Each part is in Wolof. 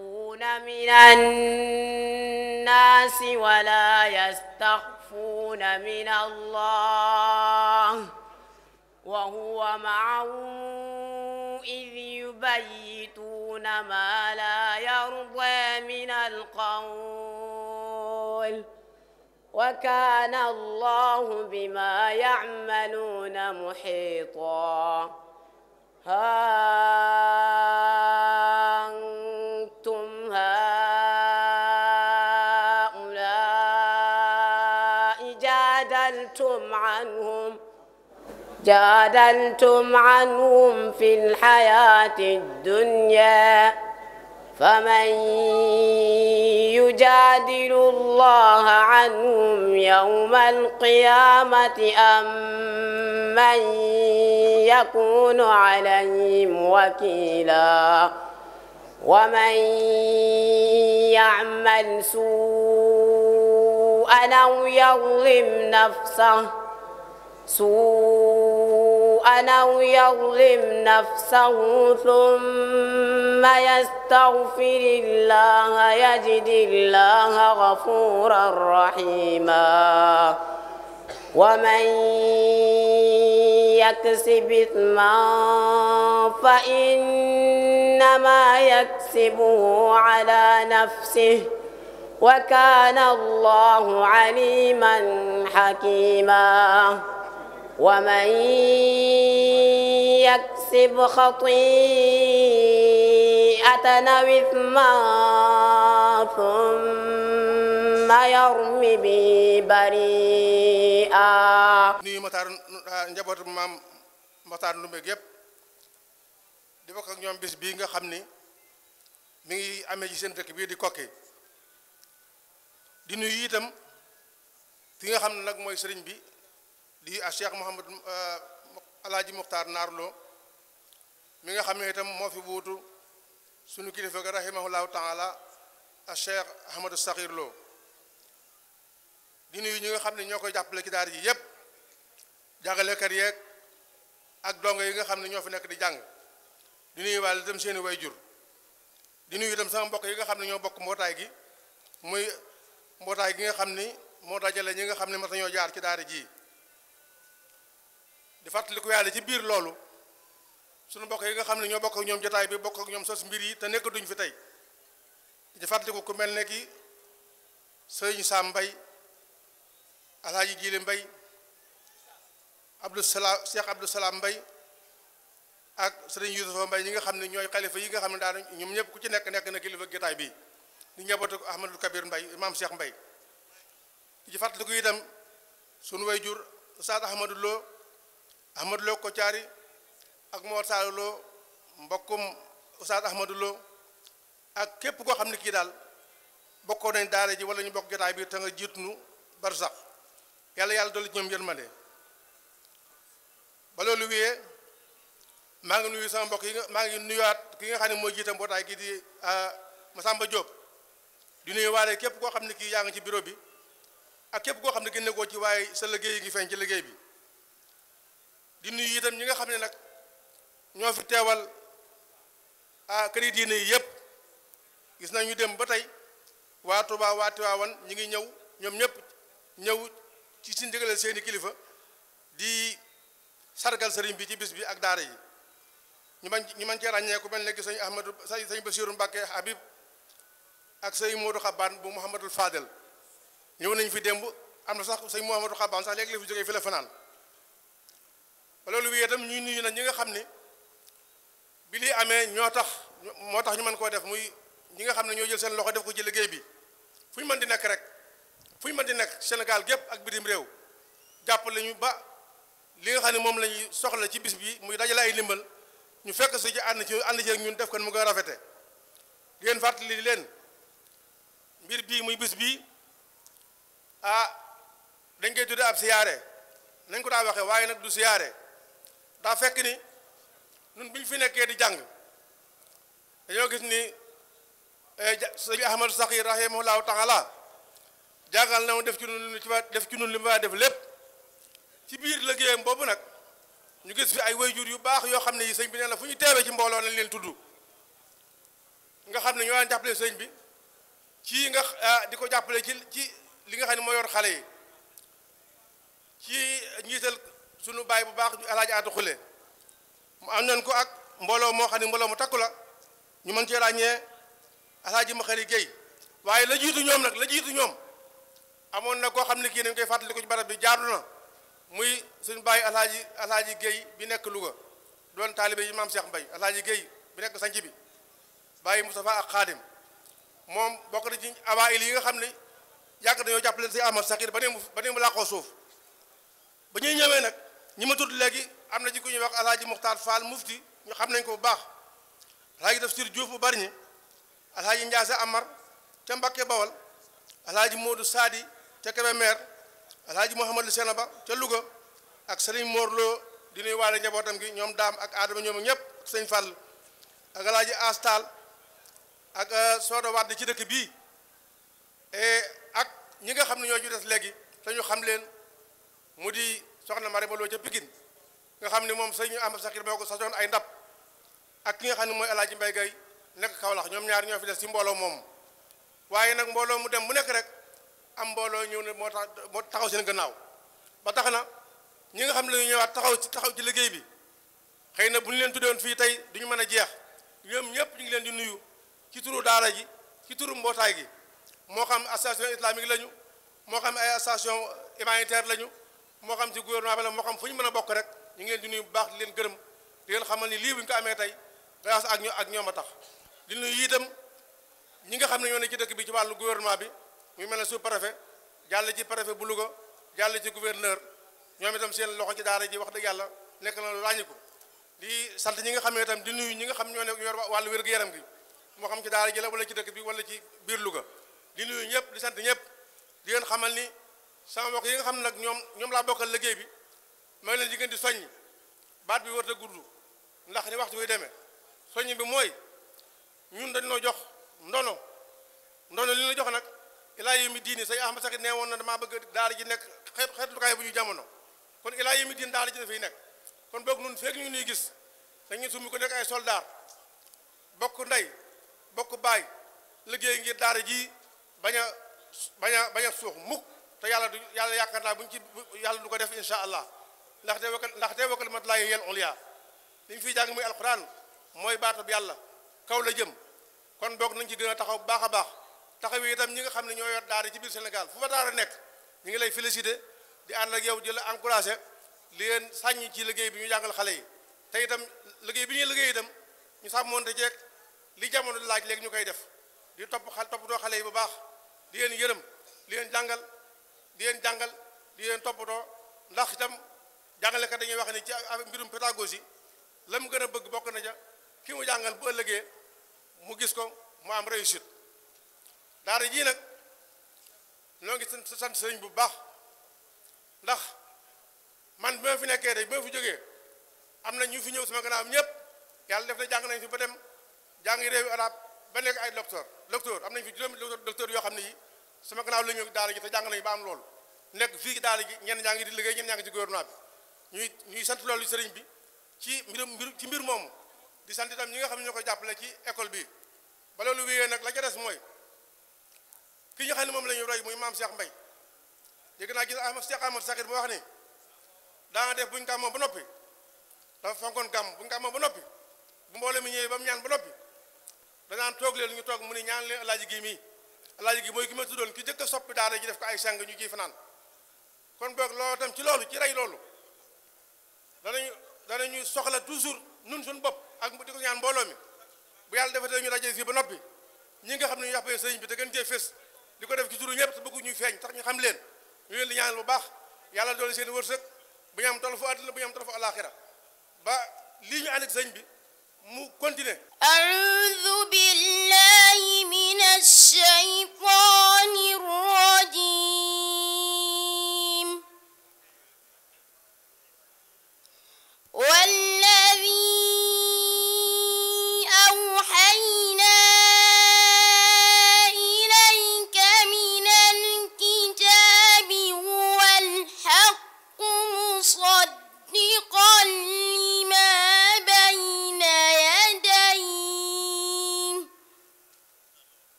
يستخفون من الناس ولا يستخفون من الله وهو معهم إذ يبيتون ما لا يرضى من القول وكان الله بما يعملون محيطا ها جادلتم عنهم في الحياة الدنيا فمن يجادل الله عنهم يوم القيامة أم من يكون عليهم وكيلا ومن يعمل سوءا أو يظلم نفسه سوءا شيئا أو يظلم نفسه ثم يستغفر الله يجد الله غفورا رحيما ومن يكسب إثما فإنما يكسبه على نفسه وكان الله عليما حكيما ومن يكسب خطيئة أو إثما ثم يرم به بريئا nuyu Matar njabootu maam Matar Ndumbe yëpp di bokk ñoom bis bii nga xam ni mi ngi amee ci seen dëkk bii di Koki di nuyu itam ki nga xam ne nag mooy sëriñ bi di a cheikh mohamad euh, alaaji muxtaar naarloo mi nga xam ne itam moo fi wuutu sunu kilifa ga rahimahullahu taala a cheikh ahmadou saxir loo di nuyu ñi nga xam ne ñoo koy jàppale ci daara ji yépp jàngalekat yeeg ak dongo yi nga xam ne ñoo fi nekk di jàng di nuyu wàll itam seeni way jur di nuyu tam sama mbokk yi nga xam ne ñoo bokk mbootaay gi muy mbootaay gi nga xam ni moo dajale ñi nga xam ne mas ñoo jaar ci daara jii di fàttaliku yàlla ci biir loolu sunu mbokk yi nga xam ne ñoo bokk ak ñoom jotaay bi bokk ak ñoom sos mbir yi te nekkatuñ fi tey di fàttaliku ku mel ne ki sëriñ Sam Mbay alhaaji Jiile Mbay Abdou Salaam Cheikh Abdou Salaam Mbay ak sëriñ Yuusufa Mbay ñi nga xam ne ñooy kalifa yi nga xam ne daal ñoom ñëpp ku ci nekk nekk na kilifa jotaay bi di njabootu Ahmadul Kabir Mbay Imam Cheikh Mbay di fàttaliku itam sunu way jur Saad Ahmadou Lo Ahmadou Lo Kotiari ak Mor Sall Lo mbokkum Oustaz Ahmadou ak képp koo xam ne kii daal bokkoon nañ daara ji wala ñu bokk jotaay bi te nga jiitu nu barsax yàlla yàlla dolli ñoom yërmande ba loolu wiyee maa ngi nuyu sama mbokk yi nga maa ngi nuyuwaat ki nga xam ne mooy jiite mbootaay gi di Massamba Diop di nuyu waale képp koo xam ne kii yaa ngi ci bureau bi ak képp koo xam ne génne koo ci waaye sa liggéey yi ngi feeñ ci liggéey bi di nuyu itam ñi nga xam ne nag ñoo fi teewal ah këri diine yi yëpp gis nañu dem ba tey waa Touba waa Tiwaawan ñi ngi ñëw ñoom ñëpp ñëw ci si ndigalal seeni kilifa di sargal sëriñ bi ci bis bi ak daara yi ñu man ñu man cee ràññee ku mel ne ki sëñ Ahmadou sëñ Basiiru Mbàkke Habib ak sëñ Modou Xabaan bu Mouhamadul Fadel ñëw nañ fi démb am na sax sëñ Mouhamadou Xabaan sax léegi la fi jógee fi la fanaan ba loolu wéyee itam ñuy nuyu nag ñi nga xam ne bi lii amee ñoo tax moo tax ñu mën koo def muy ñi nga xam ne ñoo jël seen loxo def ko ci liggéey bi fu ñu mën di nekk rek fu ñu mën di nekk senegal gépp ak bitim réew jàpp ñu ba li nga xam ne moom lañuy soxla ci bis bi muy dajale ay ndimbal ñu fekk su ci ànd ci ànd ci ak ñun def ko mu gën rafete di leen fàttali di leen mbir bii muy bis bii ah dañ koy tudde ab siyaare nañ ko daa waxee waaye nag du siyaare daa fekk ni nun bi ñu fi nekkee di jàng dañoo gis ni eh, sëñ Ahmadou Saxir rahimahullahu taala jàngal na mu def ci nun lu ci def ci nun li ma def lépp ci biir liggéeyam boobu nag ñu gis fi ay wayjur yu baax yoo xam ne yi sëñ bi nee na fu ñu teewee ci mbooloo nañ leen tudd nga xam ne ñoo daan jàppale sëñ bi ci nga ah, di ko jàppale ci ci li nga xam ne moo yor xale yi ci ñiital sunu baay bu baax alaaji aatu xule mu am nañ ko ak mbooloo moo xam ne mbooloo mu takku la ñu mën cee ràññee ma Maxari Géy waaye la jiitu ñoom nag la jiitu ñoom amoon na koo xam ne kii dañ koy fàttali ko ci barab bi jaadu na muy suñu bàyyi alaaji alaaji Géy bi nekk Louga doon taalibe yi maam Cheikh Mbay alaaji Géy bi nekk sanc bi bàyyi Moustapha ak Xaadim moom bokk ji ci awaayil yi nga xam ne yàgg nañoo jàppale si Ahmad Sakir ba ne mu ba ne mu làqoo suuf ñuy ñëwee nag ñi ma tudd léegi am na ci ku ñuy wax alaaji muxtaar fall mufti ñu xam nañ ko bu baax def tafsir juuf bu bari ñi alaaji njaase amar ca mbakke bawal alaaji moodu saadi ca Kébémer alaaji mouhamadou senaba ca louga ak sëriñ moorloo di nuy waale njabootam gi ñoom daam ak aadama ñoom ñëpp sëñ fàll ak alaaji astal ak euh, wadd ci dëkk bii ak ñi nga xam ne ñoo ju des léegi te ñu xam leen mu di soxna Marème Lo ca Pikine nga xam ne moom sëñ Ahmad Sakir moo ko sasoon ay ndab ak ki nga xam ne mooy El Hadj Mbaye Guèye nekk lax ñoom ñaari ñoo fi des ci mbooloo moom waaye nag mbooloo mu dem mu nekk rek am mbooloo ñëw ne moo tax moo taxaw seen gannaaw ba tax na ñi nga xam ne dañu ñëwaat taxaw ci taxaw ci liggéey bi xëy na bu ñu leen tuddoon fii tey duñu mën a jeex ñoom ñëpp ñu ngi leen di nuyu ci turu daara ji ci turu mbootaay gi moo xam association islamique lañu moo xam ay association humanitaire lañu moo xam ci gouvernement bi la moo xam fu ñu mën a bokk rek ñu ngi leen di nuyu bu baax di leen gërëm di leen ni lii bu ñu ko amee tey grâce ak ñoo ak ñoom a tax di nuyu tam ñi nga xam ne ñoo ne ci dëkk bi ci wàllu gouvernement bi muy mel ne sous préfet jàll ci préfet bu Louga jàll ci gouverneur ñoom itam seen loxo ci daara ji wax dëgg yàlla nekk na lu ko di sant ñi nga xamee tam di nuy ñi nga xam ñoo ne yor wàllu wér-gu-yaram gi moo xam ci daara ji la wala ci dëkk bi wala ci biir luga di nuyu ñëpp di sant ñëpp di leen xamal ni sama mbokk yi nga xam ne nag ñoom ñoom laa bokkal liggéey bi ma ngi leen di di soññ baat bi warut a gudd ndax ni waxtu wi demee soññ bi mooy ñun dañ noo jox ndono ndono li ñu la jox nag ilaa yawmi diini say Ahmad Saxit nee woon na damaa bëgg daara ji nekk xeet xeetlukaay bu ñu jamono kon ilaa yawmi diin daara ji dafay nekk kon boog nun feeg ñu nuy gis dañuy summi ko nekk ay bokk ndey bokk baay liggéey ngir daara ji bañ baña bañ a bañ suux mukk te yàlla du yàlla yaakaar naa buñ ci yàlla du ko def incha allah ndax te wakal ndax te wakal mat laa yel ulya li ñu fiy jàng muy alquran mooy baatab yàlla kaw la jëm kon boog nañ ci gën a taxaw bu baax a baax taxaw itam ñi nga xam ne ñoo yor daara ci biir Sénégal fu fa daara nekk ñu ngi lay félicité di ànd ak yow jël la encouragé li leen sàññ ci liggéey bi ñu jàngal xale yi te itam liggéey bi ñuy liggéey dem ñu sàmmoonte ceeg li jamono laaj léegi ñu koy def di topp xal toppatoo xale yi bu baax di leen yërëm di jàngal di leen jàngal di leen toppatoo ndax itam jàngalekat dañuy wax ni ci mbirum pédagogie la mu gën a bëgg bokk na ja ki mu jàngal bu ëllëgee mu gis ko mu am réussite daara jii nag ñoo ngi sant sëriñ bu baax ndax man bi ma fi nekkee de bi ma fi jógee am na ñu fi ñëw sama gannaaw ñëpp yàlla def na jàng nañ fi ba dem jàngi réewi arab ba nekk ay docteur docteur am nañ fi juróomi docteur yoo xam ne yi sama gannaaw la ñu daara ji te jàng nañu ba am loolu nekk fii daal ji ñenn ñaa ngi di liggéey ñenn ñaa ngi ci gouvernement bi ñuy ñuy sant loolu sëriñ bi ci mbirum mbir ci di sant itam ñi nga xam ne ñoo ko jàppale ci école bi ba loolu wéyee nag la ca des mooy ki nga xam ne moom la ñuy roy muy maam Cheikh mbay dégg naa gis Ahmad Cheikh Ahmad Sakir boo wax ni daana def buñ gàmmoo ba noppi dafa fonkoon gàmm buñ gàmmoo ba noppi bu mbooloo mi ñëwee ba mu ñaan ba noppi danaan toog leen ñu toog mu ni ñaan leen alaaji gi mii alaaji gi mooy ki ma tuddoon ki jëkk a soppi daara ji def ko ay sang ñu ciy fanaan kon boog loolu tam ci loolu ci rey loolu danañu danañu soxla toujours nun suñ bopp ak di ko ñaan mbooloo mi bu yàlla defatee ñu daje fii ba noppi ñi nga xam ne ñu yàppee sëriñ bi te gën cee fés di ko def ci turu ñëpp te bëggu feeñ tax ñu xam leen ñu leen di ñaanal bu baax yàlla doole seen wërsëg bu ñu am tolofu àddina bu ñu am tolofu alaaxira ba lii ñu ànd ak bi mu continuer من الشيطان الرجيم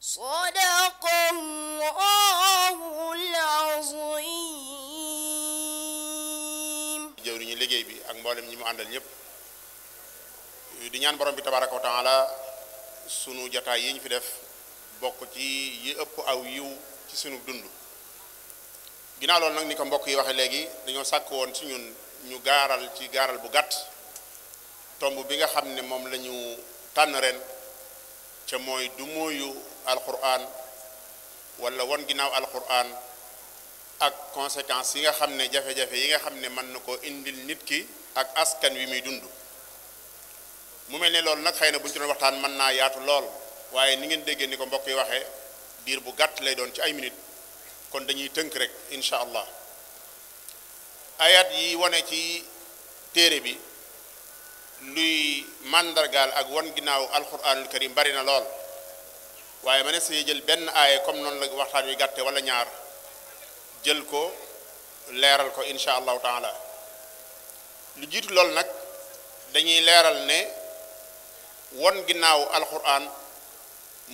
صدق الله liggéey bi ak mboolem ñi mu ñëpp di ñaan bi tabaraka wa sunu jataay yi ñu fi def bokk ci yi ëpp aw yiw ci sunu dund ginnaaw loolu nag ni ko mbokk yi waxee léegi dañoo sàkk woon ci ñun ñu gaaral ci gaaral bu gàtt tomb bi nga xam ne moom lañu tànn ren ca mooy du mooyu alquran walla won ginnaaw alquran ak conséquences yi nga xam ne jafe-jafe yi nga xam ne mën na ko indil nit ki ak askan wi muy dund mu mel ne loolu nag xëy na bu ñu ci waxtaan mën naa yaatu lool waaye ni ngeen déggee ni ko mbokk yi waxee diir bu gàtt lay doon ci ay minute kon dañuy tënk rek incha allah ayaat yi wane ci téere bi luy màndargaal ak wan ginnaaw alquranul karim bari na lool waaye ma ne see jël benn aaye comme noonu la waxtaan wi gàtte wala ñaar jël ko leeral ko insha allahu taala lu jiitu loolu nag dañuy leeral ne won ginnaaw alquran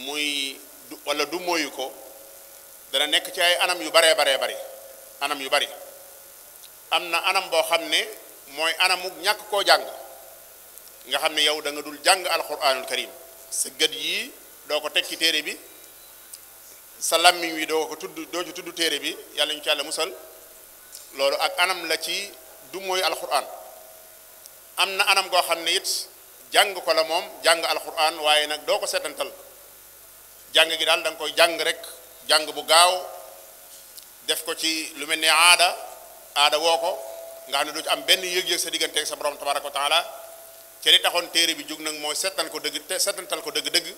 muy wala du mooyu ko dana nekk ci ay anam yu baree baree bari anam yu bari am na anam boo xam ne mooy anamu ñàkk koo jàng nga xam ne yow danga dul jàng alquranul karim sa gët yii doo ko teg ci téere bi sa làmmiñ wi doo ko tudd doo ci tudd téere bi yàlla ñu ci yàlla musal loolu ak anam la ci du mooy alxuraan am na anam goo xam ne it jàng ko la moom jàng alxuraan waaye nag doo ko seetantal jàng gi daal da koy jàng rek jàng bu gaaw def ko ci lu mel ni aada aada woo ko nga xam ne du ci am benn yëg-yëg sa digganteeg sa borom tabaraka wa taala ci li taxoon téere bi jóg nag mooy seetal ko dëgg te seetantal ko dëgg-dëgg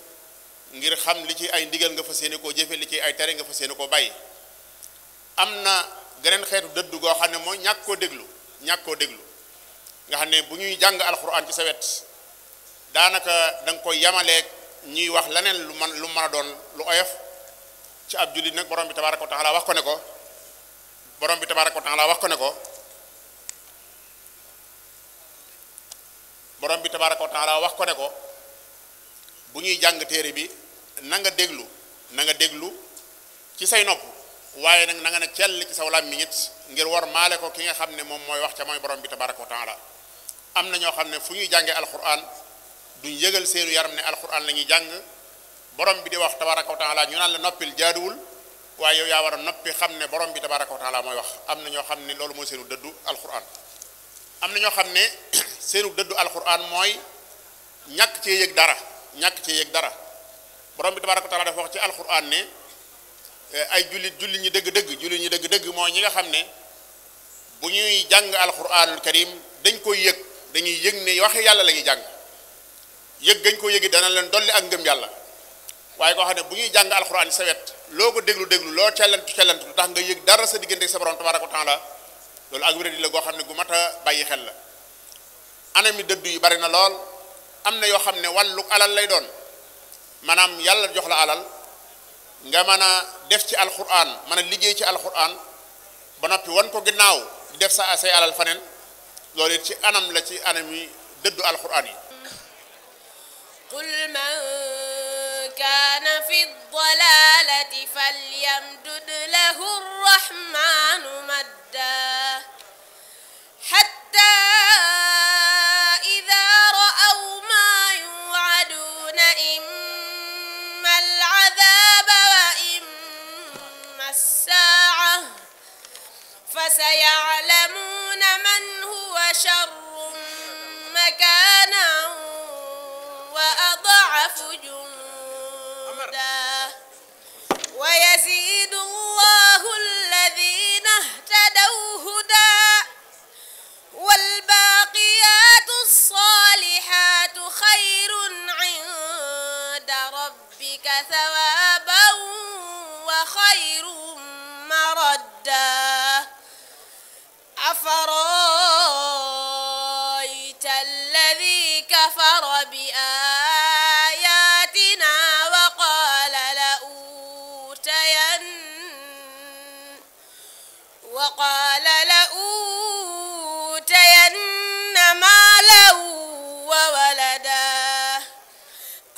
ngir xam li ci ay ndigal nga fa yéene koo jëfe li ci ay tere nga fas yéene ko bàyyi am na geneen xeetu dëddu goo xam ne mooy ñàkk koo déglu ñàkk koo déglu nga xam ne bu ñuy jàng alxuraan ci sa wet daanaka danga nga koy yamaleeg ñuy wax leneen lu man lu mën doon lu oyof ci ab jullit nag borom bi tabaaraka wa taala wax ko ne ko borom bi tabaaraka wa taala wax ko ne ko borom bi tabaaraka wa wax ko ne ko bu ñuy jàng téere bi na nga déglu na nga déglu ci say nopp waaye nag na nga ne cell ci saw làmmiñ it ngir war maale ko ki nga xam ne moom mooy wax ca mooy borom bi tabaraka wa taala am na ñoo xam ne fu ñuy jàngee alquran duñ yëgal seenu yaram ne alquran la ñuy jàng borom bi di wax tabaraka wa taala ñu naan la noppil jaaduwul waaye yow yaa war a xam ne borom bi tabaraka wa mooy wax am na ñoo xam ne loolu mooy seenu dëddu alquran am na ñoo xam ne seenu dëddu alquran mooy ñàkk cee yëg dara ñàkk ci yëg dara borom bi tabaaraka wa taala dafa wax ci alquran ne eh, ay jullit jullit ñi dëgg-dëgg jullit ñi dëgg-dëgg mooy ñi nga xam ne bu ñuy jàng alquranul karim dañ koy yëg dañuy yëg ne waxe yàlla la jàng yëg gañ ko yëgi dana leen dolli ak ngëm yàlla waaye goo xam ne bu ñuy jàng alxuraan sa wet loo ko déglu déglu loo cellantu cellantu lu tax nga yëg dara sa diggante sa borom tabaaraka wa taala loolu ak wéradi la goo xam ne gu mat a bàyyi xel la anam yi dëdd yi bari na lool am na yoo xam ne wàllu alal lay doon maanaam yàlla jox la alal nga mën a def ci alquran mën a liggéey ci alquran ba noppi wan ko ginnaaw di def sa say alal faneen loolu it ci anam la ci anam yi dëddu alquran yi qul man kaana fi dalalati falyamdud lahu arrahmanu madda hatta فسيعلمون من هو شر بآياتنا وقال لأوتين وقال لأوتين مالا وولدا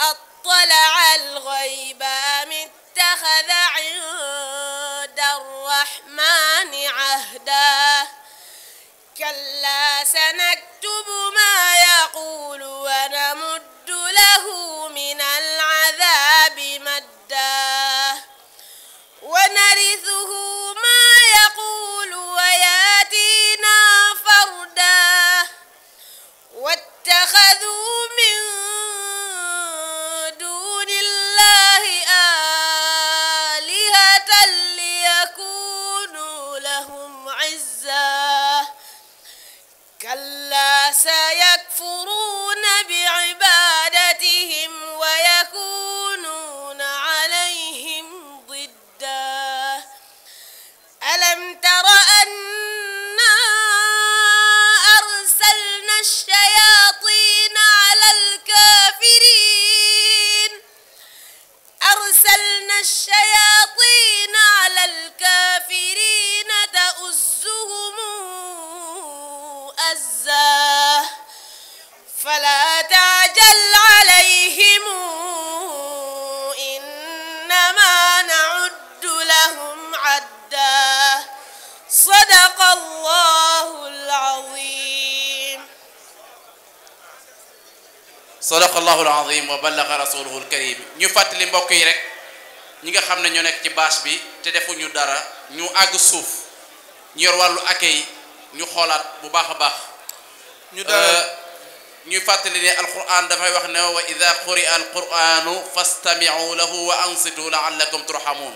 أطلع الغيب أم اتخذ عند الرحمن عهدا كلا سنكتب ما يقول ونرى له من العذاب مدا ونرثه sadaqallahu alazim wa ballaga rasuluhu alkarim ñu fàttali mbokk yi rek ñi nga xam ne ñoo nekk ci bâche bi te defuñu dara ñu àgg suuf ñu yor wàllu accueil ñu xoolaat bu baax a baax ñu euh, ñuy fàttali ne alquran dafay wax ne wa ida quria alquranu fastamiu lahu wa ansitu laallakum turhamun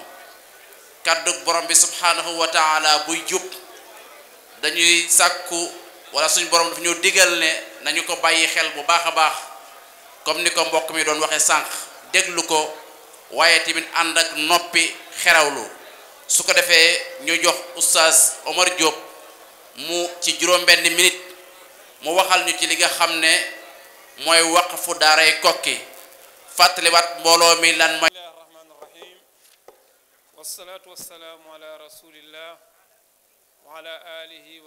kàddug borom bi subhanahu wa buy jub dañuy sàkku wala suñ borom daf ñoo digal ne nañu ko bàyyi xel bu baax a baax comme ni ko mbokk mi doon waxee sànq déglu ko waaye tamit ànd ak noppi xerawlu su ko defee ñu jox oustaz Omar Diop mu ci juróom-benn minute mu waxal ñu ci li nga xam ne mooy waqfu daaray kokki fàttaliwaat mbooloo mi lan mooy bismillahi rahmaani rahim wasalaatu wasalaamu ala rasulillah wa ala alihi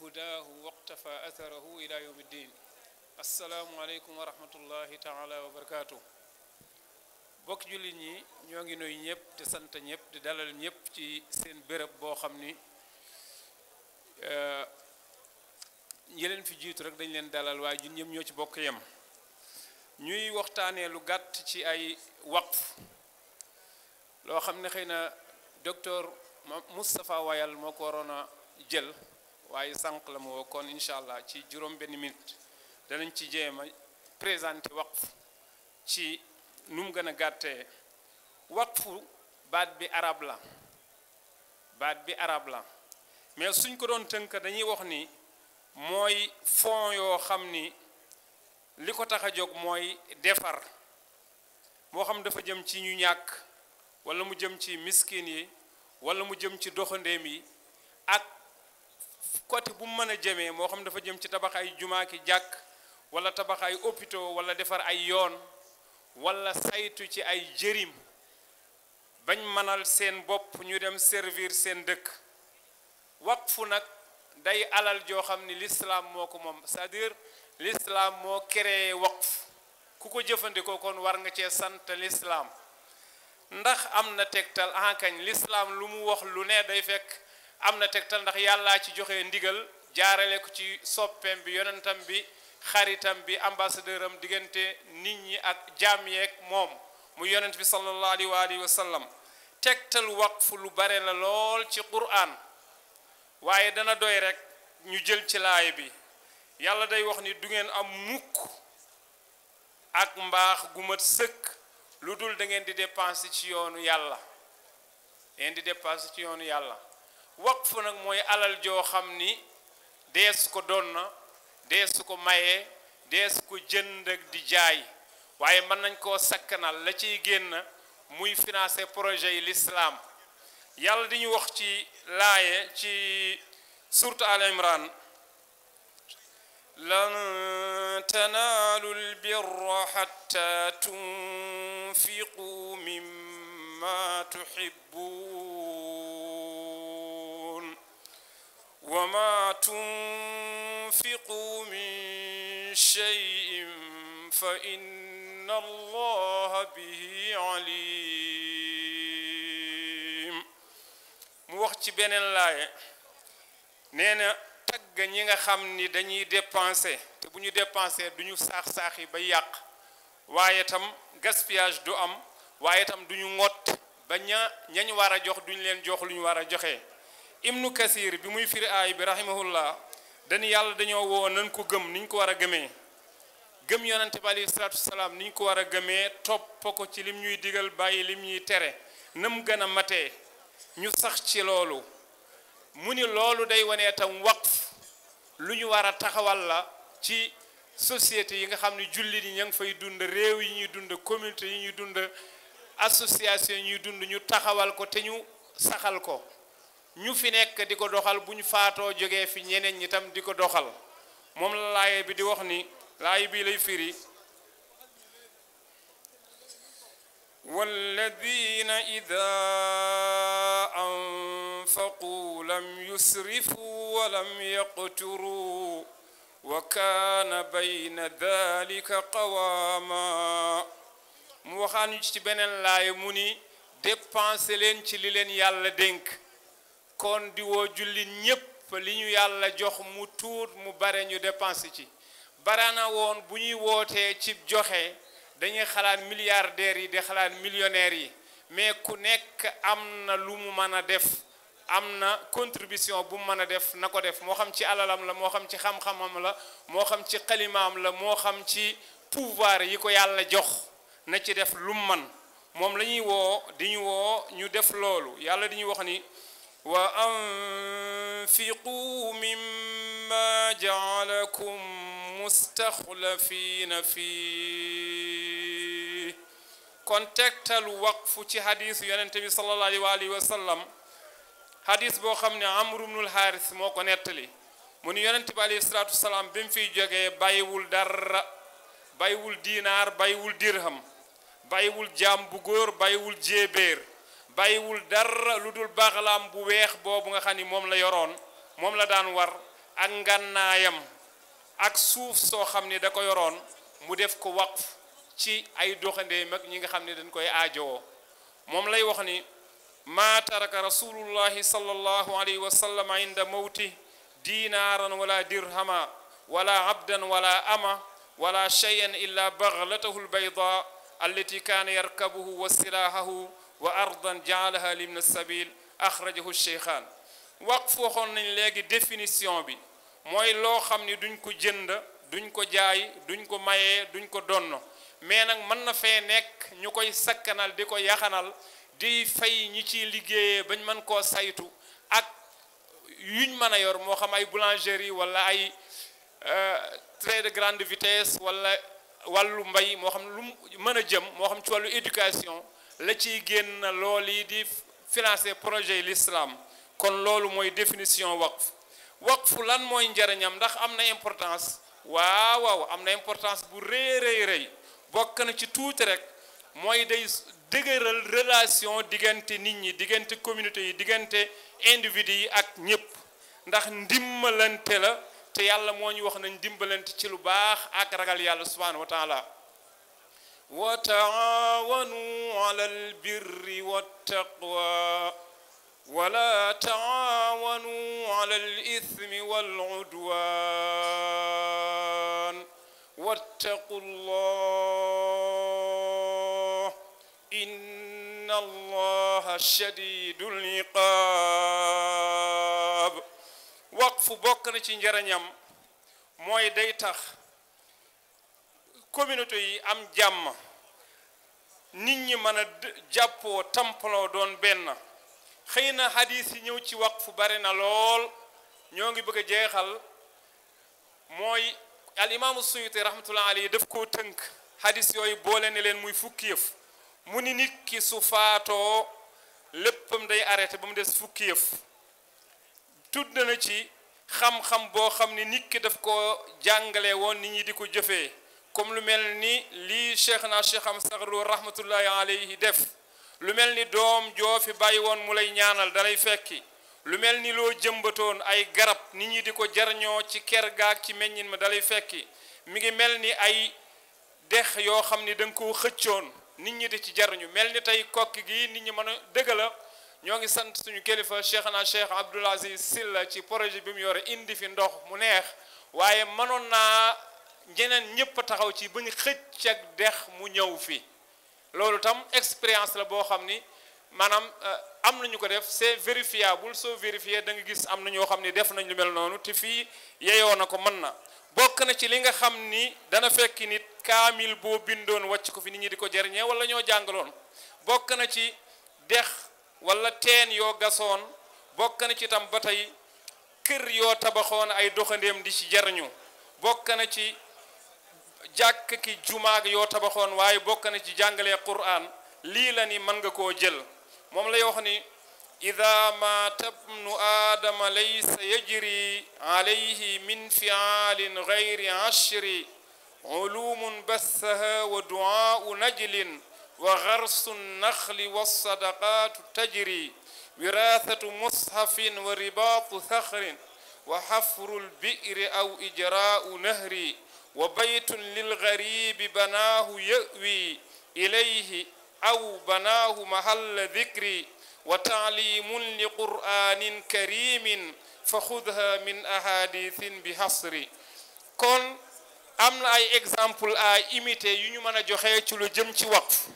hudaahu waqtafa atharahu ila yawmi ddin assalaamu aleykum wa rahmatullahi taala bokk jullit ñi ñoo ngi nuyu ñëpp di sant ñëpp di dalal ñëpp ci seen béréb boo xam ni eh, ñi fi jiitu rek dañ leen dalal waaye ñun ñëpp ñoo ci bokk yem ñuy waxtaanee lu gàtt ci ay waqf loo xam ne xëy na docteur Moustapha Wayal moo ko waroon a jël waaye sànq la ma woo kon incha allah ci juróom benn minute danañ ci jéem a présenter waqf ci nu mu gën a gàttee waqfu baat bi arab la baat bi arab la mais suñ ko doon tënk dañuy wax ni mooy fon yoo xam ni li ko tax a jóg mooy defar moo xam dafa jëm ci ñu ñàkk wala mu jëm ci miskin yi wala mu jëm ci doxandeem yi ak côté bu mu mën a jëmee moo xam dafa jëm ci tabax ay jumaa ki jàkk wala tabax ay hôpitaux wala defar ay yoon walla saytu ci ay jërim bañ mënal seen bopp ñu dem servir seen dëkk waqfu nag day alal joo xam ni l'islam moo ko moom cest lislaam dire l'islam moo créé waqf ku ko jëfandikoo kon war nga cee sant lislaam ndax am na tegtal ankañ lislaam lu mu wax lu ne day fekk am na tegtal ndax yàllaa ci joxe ndigal jaarale ko ci soppeem bi yonentam bi xaritam bi ambassadeur am diggante nit ñi ak jaam yeeg moom mu yonent bi sallallahu alayhi wa sallam tegtal waqfu lu bare la lool ci quraan waaye dana doy rek ñu jël ci laay bi yàlla day wax ni du ngeen am mukk ak mbaax gu mat sëkk lu dul da ngeen di dépenser ci yoonu yàlla da ngeen di dépenser ci yoonu yàlla waqf nag mooy alal joo xam ni dees ko donn dees ko maye dees ko jënd di jaay waaye mën nañ koo sakkanal la ciy génn muy financer projet yi l'islam yàlla di ñu wax ci laaye ci sourate Al Imran lan tanaalu lbirra xatta tunfiqu mimma tuhibbun وما تنفقوا من شيء فإن الله به عليم mu wax ci beneen laaye nee na tagg ñi nga xam ni dañuy dépenser te bu ñu dépenser duñu saax-saax yi ba yàq waaye tam gaspillage du am waaye tam duñu ñu ba ña ñañ war a jox duñ leen jox lu ñu war a joxe ibnu kasir bi muy firi aay bi rahimahullah dañu yàlla dañoo woo ko gëm niñ ko war a gëmee gëm yonante bi alayhi salaatu wasalaam niñ ko war a gëmee topp ko ci lim ñuy digal bàyyi lim ñuy tere nam gën a matee ñu sax ci loolu mu ni loolu day wanee tam waqf lu ñu war a taxawal la ci société yi nga xam ne jullit yi ña ngi fay dund réew yi ñuy dund communauté yi ñuy dund association yi ñuy dund ñu taxawal ko te ñu saxal ko ñu fi nekk di ko doxal bu ñu faatoo jógee fi ñeneen ñi di ko doxal moom la laaye bi di wax ni laaye bii lay firi والذين إذا أنفقوا لم يسرفوا ولم يقتروا وكان بين ذلك قواما mu waxaan ñu ci beneen laay mu ni dépenser leen ci li leen yàlla dénk kon diwoo woo jullit ñépp li ñu yàlla jox mu tuut mu bare ñu dépense ci barana woon bu ñuy wootee ci joxe dañuy xalaat milliardaires yi di xalaat millionnaires yi mais ku nekk am na lu mu mën a def am na contribution bu mu mën a def na ko def moo xam ci alalam la moo xam ci xam-xamam la moo xam ci xalimaam la moo xam ci pouvoir yi ko yàlla jox na ci def lu mu mën moom lañuy woo di ñu woo ñu def loolu yàlla di ñu wax ni وأنفقوا مما جعلكم مستخلفين فيه kon tegtal waqfu ci hadis yonente bi sallallahu alayhi wa sallam hadis boo xam ne amru bnul haaris moo ko nettali mu ni yonente bi alayhi salaatu wasalaam bi mu fiy jógee bàyyiwul dara bàyyiwul diinaar dirham bàyyiwul jaam bu góor bàyyiwul jéebéer bàyyiwul dara lu dul baxalaam bu weex boobu nga xam ni moom la yoroon moom la daan war ak ngànnaayam ak suuf soo xam ni da ko yoroon mu def ko waqf ci ay doxandeem mag ñi nga xam ne dañ koy aajowoo moom lay wax ni maa taraka rasulullahi sallallahu alayhi wa sallam inda mawti dinaaran wala dirhama wala abdan wala ama wala cheyan illa baxlatahu lbayda allati kaana yarkabuhu wa silaahahu wa ardan jaalaha libna sabil axrajahu cheykhaan waqf waxoon nañ léegi définition bi mooy loo xam ni duñ ko jënd duñ ko jaay duñ ko mayee duñ ko donno mais nag mën na fee nekk ñu koy sakkanal di ko yaxanal di fay ñi ciy liggéeyee bañ mën koo saytu ak yuñ mën a yor moo xam ay boulangerie wala ay euh, train de grande vitesse walla wallu mbay moo xam lu mën a jëm moo xam ci wàllu éducation la ci génn lool yi di financer projet yi l'islam kon loolu mooy définition waqf waqf lan mooy njariñam ndax am na importance waaw waaw am na importance bu rëy rëy rëy bokk na ci tuuti rek mooy day dëgëral relation diggante nit ñi diggante communauté yi diggante individu yi ak ñëpp ndax ndimbalante la te yàlla moo ñu wax nañ ndimbalante ci lu baax ak ragal yàlla subhanahu wa وتعاونوا على البر والتقوى ولا تعاونوا على الإثم والعدوان واتقوا الله إن الله شديد العقاب waqfu bokk na ci njariñam mooy day tax communauté yi am jàmm nit ñi mën a jàppoo tampaloo doon benn xëy na xadiis yi ñëw ci fu bari na lool ñoo ngi bëgg a jeexal mooy al imaamu suyuti rahmatullah alayhi daf koo tënk xadiis yooyu boole ne leen muy fukki yëf mu ni nit ki su faatoo léppam day arrêté ba mu des fukki yëf tudd na ci xam-xam boo xam ni nit daf ko jàngale woon nit ñi di ko jëfee comme lu mel ni lii cheikh naa cheikh am saxlu rahmatullahi alayhi def lu mel ni doom joo fi bàyyi woon mu lay ñaanal dalay fekki lu mel ni loo jëmbatoon ay garab nit ñi di ko jarñoo ci ker gaag ci meññin ma dalay fekki mi ngi mel ni ay dex yoo xam ni da ko koo xëccoon nit ñi di ci jariñu mel ni tey kokki gi nit ñi mën a dëgg ñoo ngi sant suñu kilifa cheikh naa cheikh Abdoul Aziz Sylla ci projet bi mu yore indi fi ndox mu neex waaye mënoon naa ñeneen ñëpp taxaw ci ba ñu xëcc ak dex mu ñëw fi loolu tam expérience la boo xam ni maanaam euh, am nañu ko def c'est vérifiable soo vérifié da nga gis am na ñoo xam ni def nañ lu mel noonu te fii yeyoo na ko mën na bokk na ci li nga xam ni dana fekk nit kaamil boo bindoon wàcc ko fi nit ñi di ko jariñee wala ñoo jàngaloon bokk na ci dex wala teen yoo gasoon bokk na ci tam ba tey kër yoo tabaxoon ay doxandéem di ci jariñu bokk na ci jàkk ki jumaag yoo tabaxoon waaye bokk na ci jàngalee quraan lii la ni mën nga koo jël moom lay wax ni ida maata bnu aadama laysa yajri alayhi min fiaalin gayri ashri culuumun bassaha wa duaau najlin wa garsu naxli wassadaqaatu tajri wiraasatu mushafin wa ribaatu saxrin wa xafru lbiri aw ijraau nahri wa baytun lilgaribi banaahu yawi ilayhi aw banaahu mahalla dicri wa taalimun li qur'anin karimin fa xudha min ahadithin bi hasri kon am na ay exemple à imiter yu ñu mën a joxe ci lu jëm ci waqf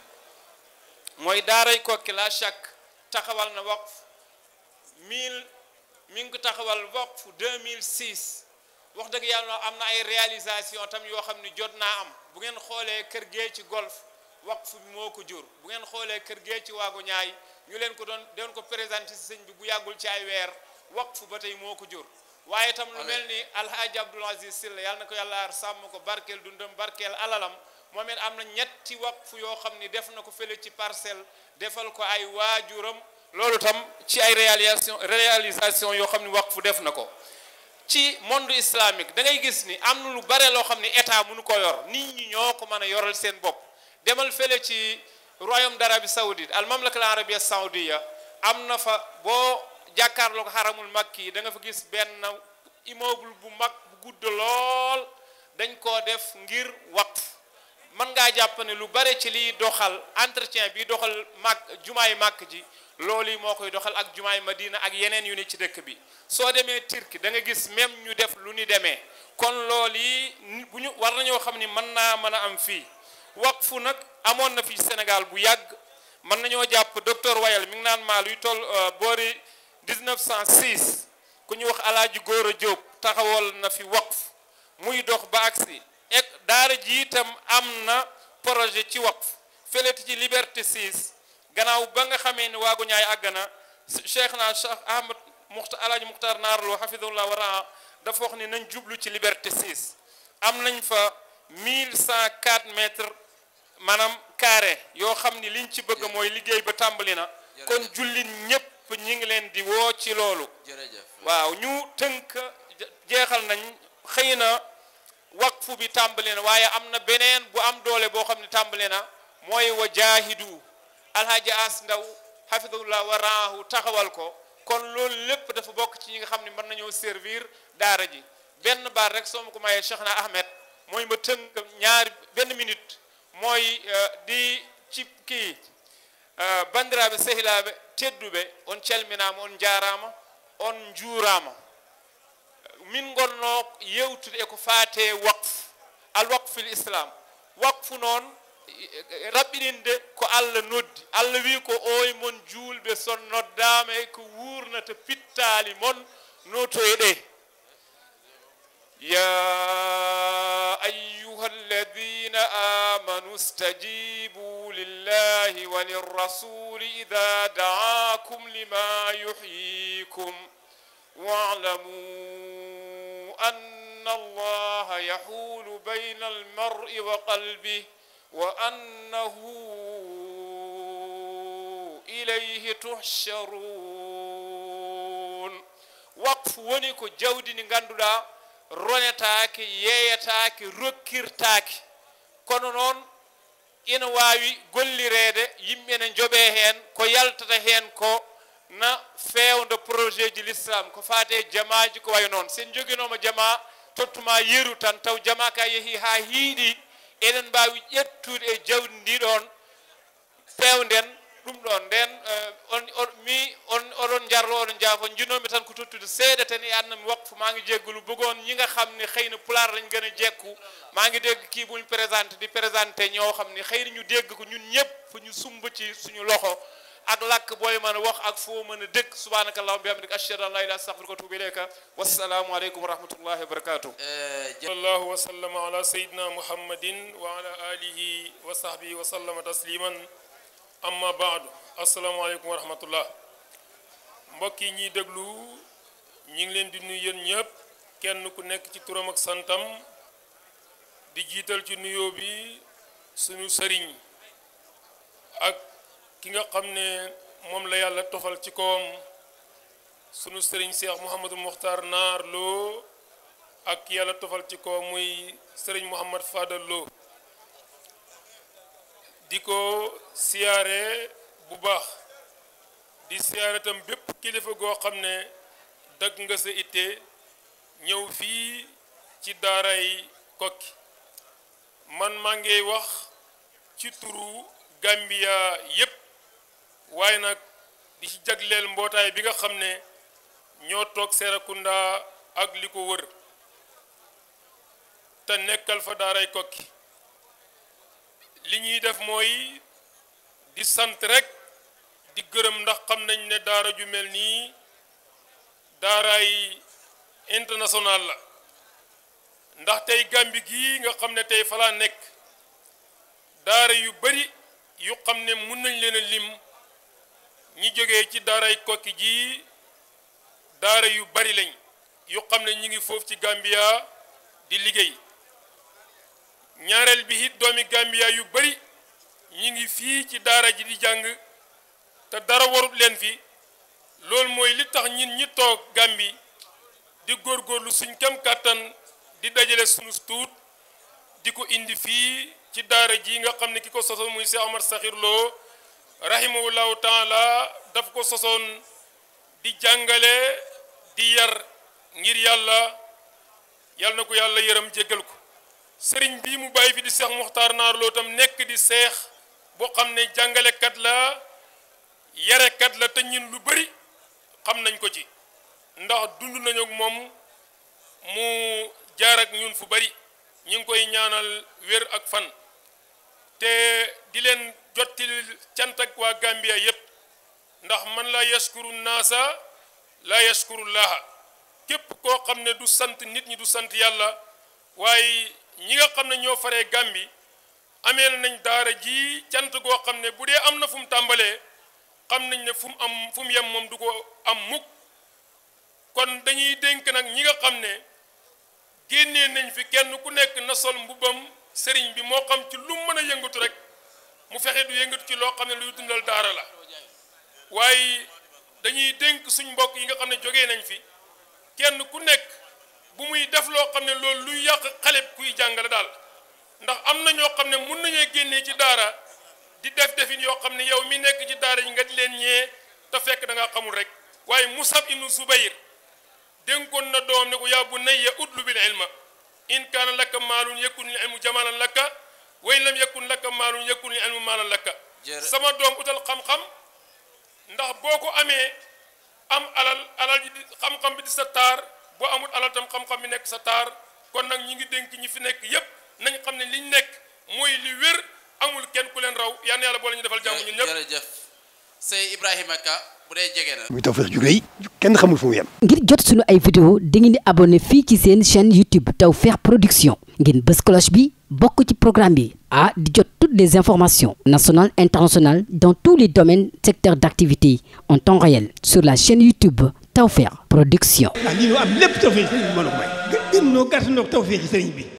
mooy daaray Koki la chaque taxawal na waqf mille mi ngi ko taxawal waqf wax dëgg yàlla am na ay réalisation tam yoo xam ni jot naa am bu ngeen xoolee kër gee ci golf waqf bi moo ko jur bu ngeen xoolee kër gee ci waagu ñaay ñu leen ko doon doon ko présenté si sëñ bi bu yàggul ci ay weer fu ba tey moo ko jur waaye itam lu mel ni alhaaji abdul aziz silla yàlla na ko yàlla aar sàmm ko barkeel dundam barkeel alalam moom it am na ñetti waqf yoo xam ni def na ko fële ci parcelle defal ko ay waajuram loolu tam ci ay réalisation réalisation yoo xam ni waqf def na ko ci monde islamique da ngay gis ni am na lu bare loo xam ne état mënu koo yor nit ñi ñoo ko mën a yoral seen bopp demal fële ci royaume d'Arabie saoudite al mamlaka al arabia ya am na fa boo jàkkaarloo ko xaramul makki yi da nga fa gis benn immeuble bu mag bu gudd lool dañ koo def ngir waqf mën ngaa jàpp ne lu bare ci liy doxal entretien bi doxal màkk jumaay màkk ji lool yi moo koy doxal ak jumaay Madina ak yeneen yu ni ci dëkk bi soo demee Turquie da nga gis même ñu def lu ni demee kon lool yi bu ñu war nañoo xam ni mën naa mën a am fii fu nag amoon na fii Sénégal bu yàgg mën nañoo jàpp docteur Wayal mi ngi naan maa luy toll euh, boori 1906 ku ñu wax góor a Jóob taxawal na fi wax muy dox ba agsi ek daara ji itam am na projet ci waqf fëleti ci liberté 6 gannaaw ba nga xamee ne waagu ñaay àgg na cheikh na cheikh ahmad muxta alaaji muxtar naarloo hafidullah wa raa dafa wax ni nañ jublu ci liberté 6 am nañ fa cent 1104 metre maanaam carré yoo xam ni liñ ci bëgg mooy liggéey ba tàmbali na kon jullit ñépp ñi ngi leen di woo ci loolu waaw ñu tënk jeexal nañ xëy na waqfu bi tàmbali na waaye am na beneen bu am doole boo xam ne tàmbali na mooy wa jaahidu alhaaji as ndaw hafidahullah wa taxawal ko kon loolu lépp dafa bokk ci ñi nga xam ne mën nañoo servir daara ji benn baat rek soo ma ko mayee Cheikhna Ahmed mooy ma tënk ñaari benn minute mooy euh, di ci kii euh, bandiraɓe sehilaaɓe tedduɓe on calminaama on njaaraama on njuuraama min ngolnoo yewtude e ko faate waqf al waqfil islam waqfu noon raɓɓininde ko allah noddi allah wi ko oye mon juulɓe son noddama e ko wurnata pittali mon notoyeɗe ya ayuha alladina amanu stajibu lillahi wa lirrasuli ida daakum lima yuhyikum walamu anna allaha yahulu bayna almar'i wa qalbih وأنه إليه تحشرون وقف ونكو جودي نغاندودا ronetaaki yeeyataaki rokkirtaaki kono noon ina waawi gollireede yimɓe ne joɓee heen ko yaltata heen ko na feewndo projet ji l'islam ko faate jamaaji ko wayi noon sen joginoma jama tottuma yeru tan taw jama ka yehi haa hiiɗi eɗen mbawi ƴettude e jawdi ndi ɗon fewnden ɗum ɗon nden eh, on mi on oɗon jarlo oɗon jaafo jinnomi tan ko tottude seeɗa tan e annami wakfu maa ngi jeggulu bëggoon ñi nga xam ni xëy na pulaar lañ gën a jekku maa ngi dégg kii buñ présenté di présenté ñoo xam ni xëy na ñu dégg ko ñun ñëpp ñu sumb ci suñu loxo ak làkk booy mën a wax ak foo mën a dëkk subhaanaka allahumma bihamdika ashhadu an laa ilaaha illa anta astaghfiruka wa atuubu ilayka wassalaamu aleykum wa rahmatullahi wa barakaatuh eh, sallallahu wa sallama ala sayyidina muhammadin wa ala alihi wa sahbihi wa sallama tasliman amma baadu asalaamaaleykum wa rahmatullah mbokk yi ñiy déglu ñi ngi leen di nuyu yéen ñëpp kenn ku nekk ci turam ak santam di jiital ci nuyoo bi suñu sëriñ ak ki nga xam ne moom la yàlla tofal ci koom sunu sëriñ Cheikh Mouhamadou Mokhtar Naar Lo ak yàlla tofal ci ko muy sëriñ Mouhamad Fadal Lo di ko siyaare bu baax di siyaare tam bépp kilifa goo xam ne dagg nga sa itte ñëw fii ci daaray Koki man maa ngi wax ci turu Gambia yépp waaye nag di ci jagleel mbootaay bi nga xam ne ñoo toog Serakunda ak li ko wër te nekkal fa daaray kokki li ñuy def mooy di sant rek di gërëm ndax xam nañ ne daara ju mel nii daaraay international la ndax tey gàmbi gii nga xam ne tey falaa nekk daara yu bari yu xam ne mun nañ leen a lim ñi jóge ci daaray kokki ji daara yu bari lañ yu xam ne ñu ngi foofu ci Gambia di liggéey ñaareel bi it doomi Gambia yu bari ñu ngi fii ci daara ji di jàng te dara warut leen fi loolu mooy li tax ñin ñi toog Gàmbi di góor góorlu suñ kem kàttan di dajale suñu tuut di ko indi fii ci daara ji nga xam ne ki ko soso muy Cheikh Omar Sakhir rahimahullahu taala daf ko sosoon di jàngale di yar ngir yàlla yal na ko yàlla yërëm jéggal ko sëriñ bi mu bàyyi fi di seex muxtaar naar loo tam nekk di seex boo xam ne jàngalekat la yarekat la te lu bari xam nañ ko ci ndax dund nañu ak moom mu jaar ak ñun fu bari ñu ngi koy ñaanal wér ak fan te di leen jottili cant ak waa Gambia yépp ndax man laa yaskuru naasa laa yaskuru laaha képp koo xam ne du sant nit ñi du sant yàlla waaye ñi nga xam ne ñoo faree Gàmbi amee nañ daara ji cant goo xam ne bu dee am na fu mu tàmbalee xam nañ ne fu am fum mu yem moom du ko am mukk kon dañuy dénk nag ñi nga xam ne génnee nañ fi kenn ku nekk na sol mbubam sëriñ bi moo xam ci lu mën a yëngutu rek mu fexe du yëngatu ci loo xam ne luy dundal daara la waaye dañuy dénk suñ mbokk yi nga xam ne jógee nañ fi kenn ku nekk bu muy def loo xam ne loolu luy yàq xale kuy jàngale daal ndax am na ñoo xam ne mun nañu génnee ci daara di def defin yoo xam ne yow mi nekk ci daara yi nga di leen ñee te fekk danga xamul rek waaye mu Musab ibnu Zubayr dénkoon na doom ne ko yaa bunayya utlu bil ilma in kaana laka maalun yakun il ilmu jamaalan laka wa in lam yakun laka maalun yakun li ilmu maalan laka sama doom utal xam-xam ndax boo ko amee am alal alal ji di xam-xam bi di sa taar boo amul alal tam xam-xam bi nekk sa taar kon nag ñi ngi dénk ñi fi nekk yëpp nañ xam ne li ñu nekk mooy li wér amul kenn ku leen raw yal na yàlla boole ñu defal jàmm ñun ñëpp jërëjëf sëñ Ibrahima Ka bu dee jege na. muy Tawfekh ju rëy kenn xamul fu mu yem. ngir jot suñu ay vidéo dangeen di abonné fii ci seen chaîne YouTube Tawfekh Production ngeen bës cloche bi. bokk ci programme bi ah di jot toutes les informations nationales internationales dans tous les domaines secteurs d'activité en temps réel sur la chaîne YouTube Tawfekh Production. ah lii loo am lépp tawfeex ci bi mën a may. gën noo gàtt noo ci sëriñ bi.